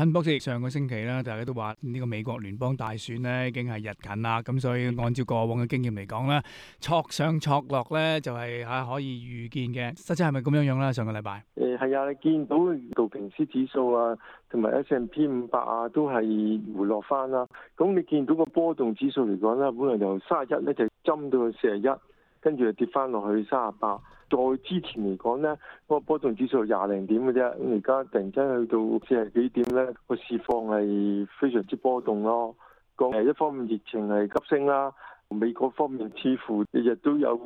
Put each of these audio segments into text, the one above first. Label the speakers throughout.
Speaker 1: 陳博士，上個星期啦，大家都話呢個美國聯邦大選咧已經係日近啦，咁所以按照過往嘅經驗嚟講咧，挫上挫落咧就係係可以預見嘅。實際係咪咁樣樣咧？上個禮拜，誒
Speaker 2: 係啊，你見到道瓊斯指數啊，同埋 S&P 五百啊，都係回落翻啦。咁你見到個波動指數嚟講咧，本來由三十一咧就針到 41, 就去四十一，跟住就跌翻落去三十八。再之前嚟講，呢個波動指數廿零點嘅啫，而家突然間去到四十幾點，呢個市況係非常之波動咯。咁誒，一方面疫情係急升啦，美國方面似乎日日都有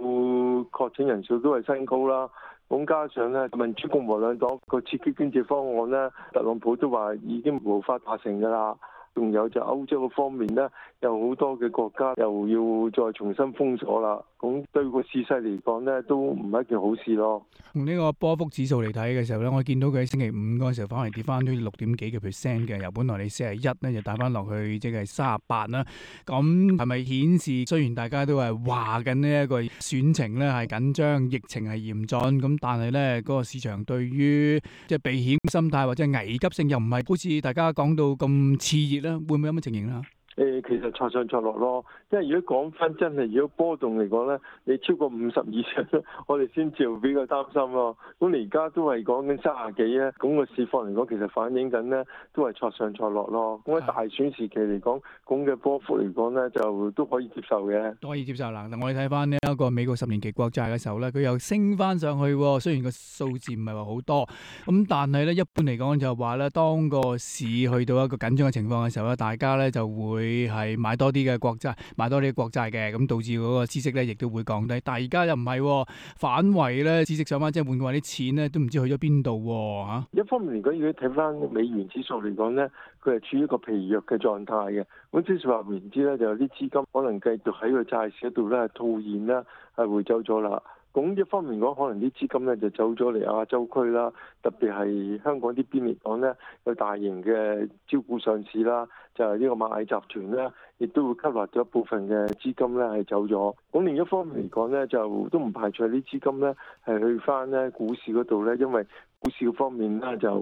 Speaker 2: 確診人數都係新高啦。咁加上呢，民主共和兩黨個刺激經濟方案呢，特朗普都話已經無法達成㗎啦。仲有就歐洲嘅方面呢，有好多嘅國家又要再重新封鎖啦。咁對個市勢嚟講咧，都唔係一件好事咯。
Speaker 1: 從呢個波幅指數嚟睇嘅時候咧，我見到佢喺星期五嗰陣時候翻嚟跌翻咗六點幾嘅 percent 嘅，由本來你四十一咧就打翻落去即係三十八啦。咁係咪顯示雖然大家都係話緊呢一個選情咧係緊張，疫情係嚴峻，咁但係咧嗰個市場對於即係避險心態或者危急性又唔係好似大家講到咁熾熱咧，會唔會有咩情形啊？
Speaker 2: 誒，其實挫上挫落咯，即係如果講翻真係如果波動嚟講咧，你超過五十以上，我哋先至會比較擔心咯。咁你而家都係講緊三十幾啊，咁、那個市況嚟講，其實反映緊咧都係挫上挫落咯。咁、那、喺、個、大選時期嚟講，咁、那、嘅、個、波幅嚟講咧，就都可以接受嘅。
Speaker 1: 都可以接受啦。嗱，我哋睇翻呢一個美國十年期國債嘅時候咧，佢又升翻上去喎。雖然個數字唔係話好多，咁但係咧一般嚟講就話咧，當個市去到一個緊張嘅情況嘅時候咧，大家咧就會。佢係買多啲嘅國債，買多啲國債嘅，咁導致嗰個孳息咧，亦都會降低。但係而家又唔係、哦、反為咧，孳息上返，即係換句話，啲錢咧都唔知去咗邊度吓。
Speaker 2: 一方面，如果要睇返美元指數嚟講咧，佢係處於一個疲弱嘅狀態嘅。咁即係話唔知咧，就有啲資金可能繼續喺個債市嗰度咧套現啦，係匯走咗啦。咁一方面講，可能啲資金咧就走咗嚟亞洲區啦，特別係香港，邊港呢邊嚟講咧，有大型嘅招股上市啦，就係、是、呢個螞蟻集團咧，亦都會吸納咗部分嘅資金咧係走咗。咁另一方面嚟講咧，就都唔排除啲資金咧係去翻咧股市嗰度咧，因為股市方面咧就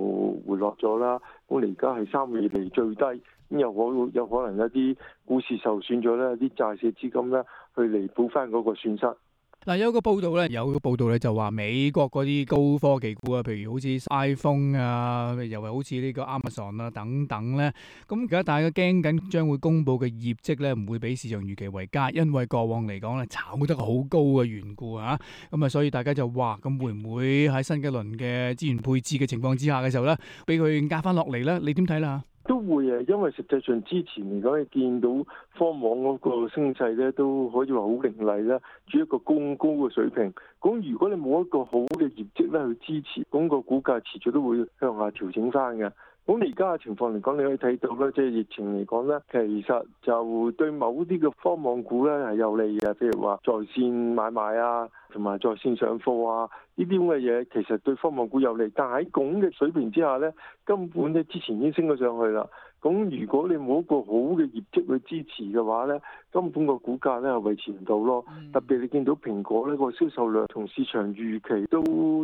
Speaker 2: 回落咗啦。咁你而家係三月嚟最低，咁又可有可能一啲股市受損咗咧，啲債市資金咧去彌補翻嗰個損失。
Speaker 1: 嗱，有一個報道咧，有個報道咧就話美國嗰啲高科技股啊，譬如好似 iPhone 啊，又係好似呢個 Amazon 啊等等咧，咁而家大家驚緊將會公布嘅業績咧，唔會比市場預期為佳，因為過往嚟講咧炒得好高嘅緣故啊，咁、嗯、啊，所以大家就話，咁會唔會喺新一輪嘅資源配置嘅情況之下嘅時候咧，俾佢壓翻落嚟咧？你點睇啦？
Speaker 2: 都會誒、啊，因為實際上之前嚟講，你見到科網嗰個升勢咧，都可以話好凌厲啦，處於一個高高嘅水平。咁如果你冇一個好嘅業績咧去支持，咁、嗰個股價持續都會向下調整翻嘅。咁而家嘅情況嚟講，你可以睇到咧，即係疫情嚟講咧，其實就對某啲嘅科網股咧係有利嘅，譬如話在線買賣啊，同埋在線上課啊，呢啲咁嘅嘢其實對科網股有利，但喺咁嘅水平之下咧，根本咧之前已經升咗上去啦。咁如果你冇一個好嘅業績去支持嘅話呢，根本個股價呢，係維持唔到咯。特別你見到蘋果呢個銷售量同市場預期都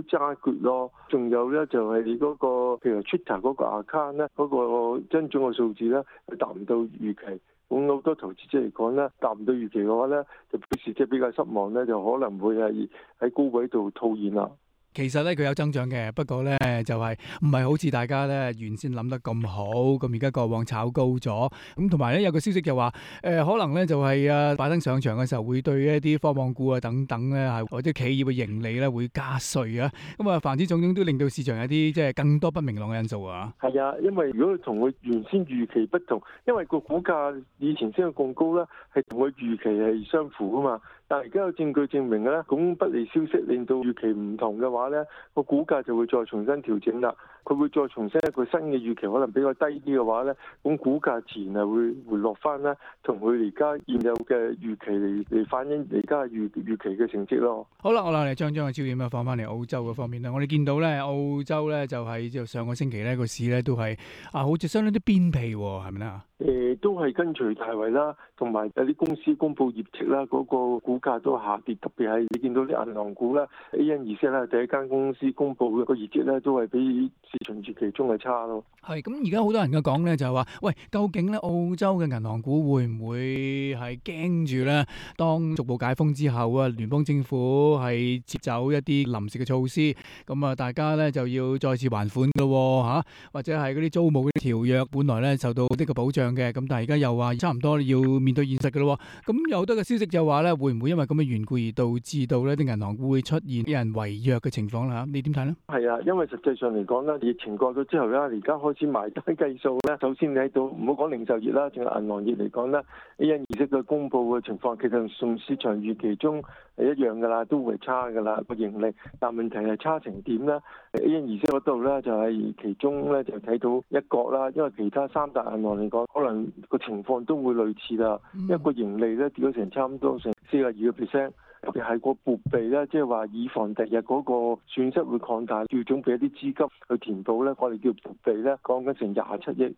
Speaker 2: 揸決咯，仲有呢、那個，就係你嗰個譬如 Twitter 嗰個 account 呢，嗰、那個增長嘅數字呢，係達唔到預期，咁好多投資者嚟講呢，達唔到預期嘅話呢，就表示即係比較失望呢，就可能會係喺高位度套現啦。
Speaker 1: 其實咧佢有增長嘅，不過咧就係唔係好似大家咧原先諗得咁好。咁而家過往炒高咗，咁同埋咧有個消息就話，誒可能咧就係啊拜登上場嘅時候會對一啲科網股啊等等咧係或者企業嘅盈利咧會加稅啊。咁啊，凡此種種都令到市場有啲即係更多不明朗嘅因素啊。
Speaker 2: 係啊，因為如果同佢原先預期不同，因為個股價以前先升咁高咧係同佢預期係相符噶嘛。但係而家有證據證明咧，咁不利消息令到預期唔同嘅話咧，個股價就會再重新調整啦。佢會再重新一個新嘅預期，可能比較低啲嘅話咧，咁股價自然係會回落翻啦，同佢而家現有嘅預期嚟嚟反映而家預預期嘅成績咯。好
Speaker 1: 啦，我哋嚟將將個焦點啊，放翻嚟澳洲嘅方面啦。我哋見到咧，澳洲咧就喺、是、就上個星期咧個市咧都係啊，好似相當啲扁平喎，係咪咧？
Speaker 2: 誒、呃，都係跟隨大圍啦，同埋有啲公司公佈業績啦，嗰、那個股價都下跌，特別係你見到啲銀行股啦，ANZ 啦，第一間公司公布嘅個業績咧，都係比市場預期中係差咯。
Speaker 1: 係咁，而家好多人嘅講咧，就係話，喂，究竟咧澳洲嘅銀行股會唔會係驚住咧？當逐步解封之後啊，聯邦政府係撤走一啲臨時嘅措施，咁啊，大家咧就要再次還款㗎喎嚇，或者係嗰啲租務啲條約本來咧受到呢個保障嘅，咁但係而家又話差唔多要面對現實㗎咯。咁有好多嘅消息就話咧，會唔會？因為咁嘅緣故而導致到呢啲銀行會出現啲人違約嘅情況啦。你點睇呢？
Speaker 2: 係啊，因為實際上嚟講咧，疫情過咗之後呢而家開始埋單計數啦。首先你喺到唔好講零售業啦，仲有銀行業嚟講呢 ANZ 業績嘅公布嘅情況，其實同市場預期中係一樣噶啦，都係差噶啦個盈利。但問題係差成點呢？ANZ 業績嗰度呢，就係其中呢，就睇到一角啦，因為其他三大銀行嚟講，可能個情況都會類似啦，一個盈利呢，跌咗成差唔多成。四十二個 percent，尤其係個撥備咧，即係話以防第日嗰個損失會擴大，要準備一啲資金去填補咧。我哋叫撥備咧，講緊成廿七億。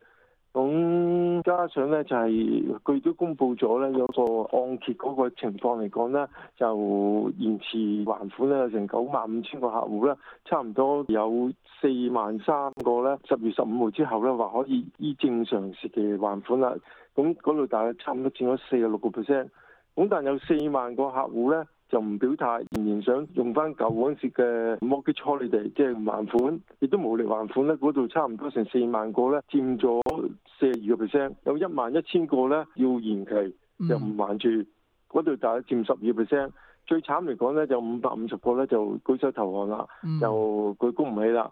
Speaker 2: 咁加上咧就係佢都公佈咗咧，有個按揭嗰個情況嚟講咧，就延遲還款咧，有成九萬五千個客戶咧，差唔多有四萬三個咧。十月十五號之後咧，話可以依正常時期還款啦。咁嗰度大約差唔多佔咗四十六個 percent。咁但有四萬個客戶咧就唔表態，仍然想用翻舊陣時嘅 mortgage credit，即係還款，亦都無力還款咧。嗰度差唔多成四萬個咧，佔咗四十二個 percent。有一萬一千個咧要延期就唔還住，嗰度大約佔十二個 percent。最慘嚟講咧，就五百五十個咧就舉手投降啦，嗯、就佢供唔起啦。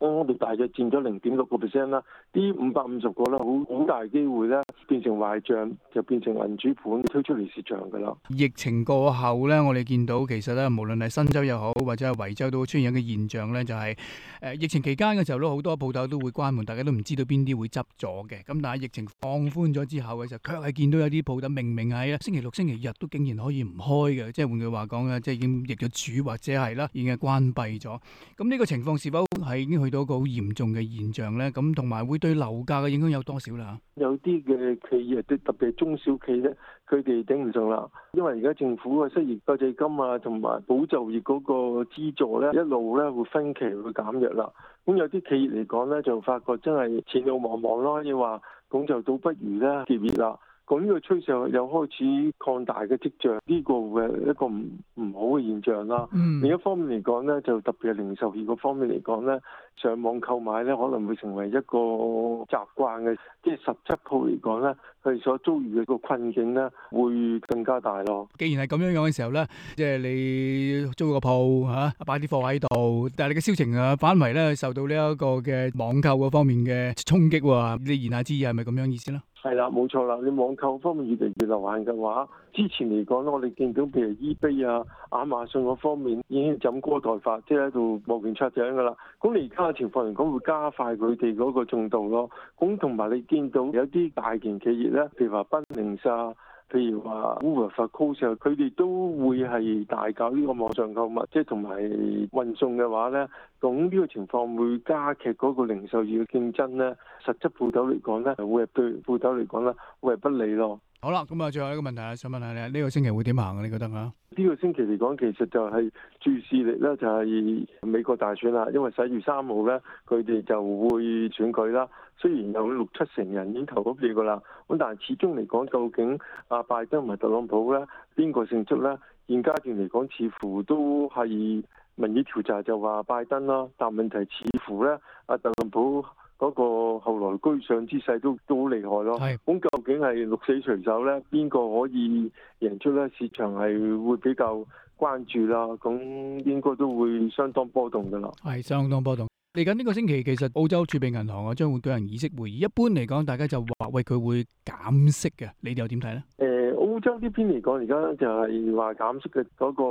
Speaker 2: 我哋大約佔咗零點六個 percent 啦，啲五百五十個咧，好好大機會咧變成壞賬，就變成銀主盤推出嚟市場
Speaker 1: 嘅咯。疫情過後咧，我哋見到其實咧，無論係新州又好，或者係維州，都出現有嘅現象咧、就是，就係誒疫情期間嘅時候都好多鋪頭都會關門，大家都唔知道邊啲會執咗嘅。咁但係疫情放寬咗之後嘅時候，卻係見到有啲鋪頭明明係星期六、星期日都竟然可以唔開嘅，即係換句話講即係已經易咗主，或者係啦已經係關閉咗。咁呢個情況是否係已經去？遇到個好嚴重嘅現象咧，咁同埋會對樓價嘅影響有多少啦？
Speaker 2: 有啲嘅企業，特別係中小企咧，佢哋頂唔住啦。因為而家政府嘅失業救濟金啊，同埋保就業嗰個資助咧，一路咧會分期會減弱啦。咁有啲企業嚟講咧，就發覺真係前路茫茫咯，可以話咁就倒不如咧結業啦。咁呢個趨勢有開始擴大嘅跡象，呢、這個嘅一個唔唔好嘅現象啦。嗯、另一方面嚟講咧，就特別係零售業嗰方面嚟講咧，上網購買咧可能會成為一個習慣嘅，即係十七鋪嚟講咧，佢所遭遇嘅個困境咧會更加大咯。
Speaker 1: 既然係咁樣樣嘅時候咧，即係你租個鋪嚇擺啲貨喺度，但係你嘅銷情啊反而咧受到呢一個嘅網購嗰方面嘅衝擊喎，你言下之意係咪咁樣意思咧？
Speaker 2: 係啦，冇錯啦。你網購方面越嚟越流行嘅話，之前嚟講咧，我哋見到譬如 eBay 啊、亞馬遜嗰方面已經就咁過代發，即係喺度望見出漲嘅啦。咁你而家嘅情況嚟講，會加快佢哋嗰個進度咯。咁同埋你見到有啲大型企業咧，譬如話奔寧沙。譬如話 Woolworths、Coles，佢哋都會係大搞呢個網上購物，即係同埋運送嘅話咧，咁呢個情況會加劇嗰個零售業嘅競爭咧。實質鋪頭嚟講咧，會係對鋪頭嚟講咧，會係不利咯。
Speaker 1: 好啦，咁啊，最後一個問題啊，想問下你，呢個星期會點行啊？你覺得啊？
Speaker 2: 呢個星期嚟講，其實就係注視力啦，就係美國大選啦，因為十一月三號咧，佢哋就會選舉啦。雖然有六七成人已經投咗票噶啦，咁但係始終嚟講，究竟阿拜登同埋特朗普咧，邊個勝出咧？現階段嚟講，似乎都係民意調查就話拜登咯，但問題似乎咧，阿特朗普。嗰個後來居上之勢都都好厲害咯。係是，咁究竟係鹿死誰手咧，邊個可以贏出咧？市場係會比較關注啦。咁應該都會相當波
Speaker 1: 動噶啦。係相當波動。嚟緊呢個星期，其實澳洲儲備銀行啊，將會舉行議息會議。一般嚟講，大家就話喂，佢會減息嘅。你哋又點睇咧？欸澳洲呢邊嚟講，而
Speaker 2: 家就係話減息嘅嗰個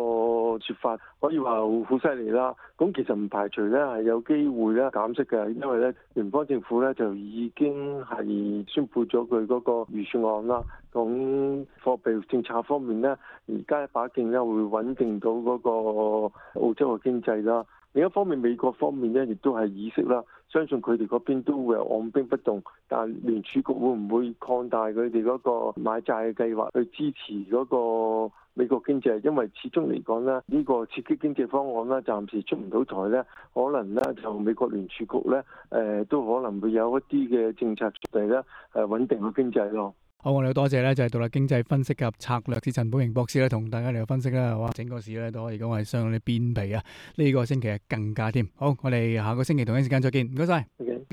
Speaker 2: 説法，可以話好犀利啦。咁其實唔排除咧係有機會咧減息嘅，因為咧聯邦政府咧就已經係宣佈咗佢嗰個預算案啦。咁貨幣政策方面咧，而家一把勁咧會穩定到嗰個澳洲嘅經濟啦。另一方面，美國方面咧，亦都係議息啦，相信佢哋嗰邊都會按兵不動，但係聯儲局會唔會擴大佢哋嗰個買債嘅計劃去支持嗰個美國經濟？因為始終嚟講咧，呢個刺激經濟方案咧，暫時出唔到台咧，可能咧就美國聯儲局咧，誒、呃、都可能會有一啲嘅政策出嚟咧，誒、呃、穩定個經濟咯。
Speaker 1: 好，我哋要多謝咧，就係獨立經濟分析及策略，策略師陳寶明博士咧，同大家嚟分析咧，哇，整個市咧都可以講話係相當之變皮啊，呢、這個星期啊更加添。好，我哋下個星期同一時間再見，唔該晒。Okay.